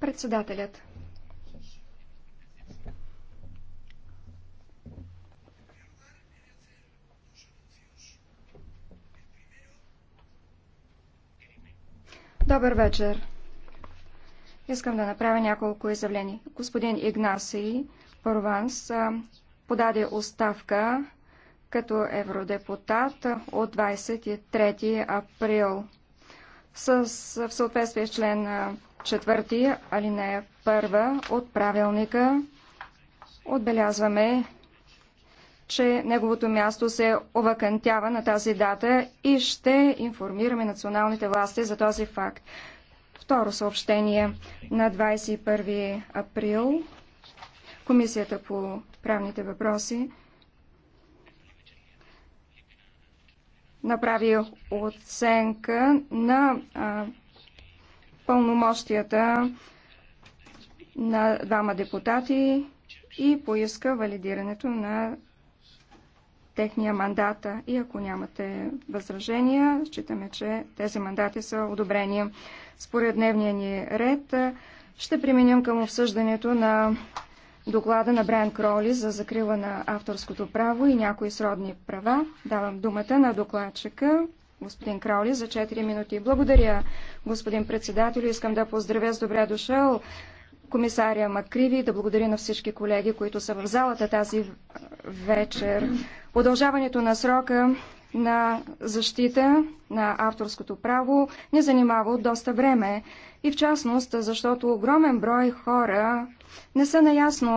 Председателят. Добър вечер. Искам да направя няколко изявления. Господин Игнасий Порванс подаде оставка като евродепутат от 23 април. С, в съответствие с член четвърти, алинея първа от правилника отбелязваме, че неговото място се овакантява на тази дата и ще информираме националните власти за този факт. Второ съобщение на 21 април Комисията по правните въпроси направи оценка на пълномощията на двама депутати и поиска валидирането на техния мандата. И ако нямате възражения, считаме, че тези мандати са одобрени. Според дневния ни ред ще преминем към обсъждането на доклада на Брайан Кроли за закрила на авторското право и някои сродни права. Давам думата на докладчика господин Кроли за 4 минути. Благодаря. Господин председател, искам да поздравя с добре дошъл комисаря Макриви и да благодаря на всички колеги, които са в залата тази вечер. Продължаването на срока на защита на авторското право ни занимава от доста време и в частност, защото огромен брой хора не са наясно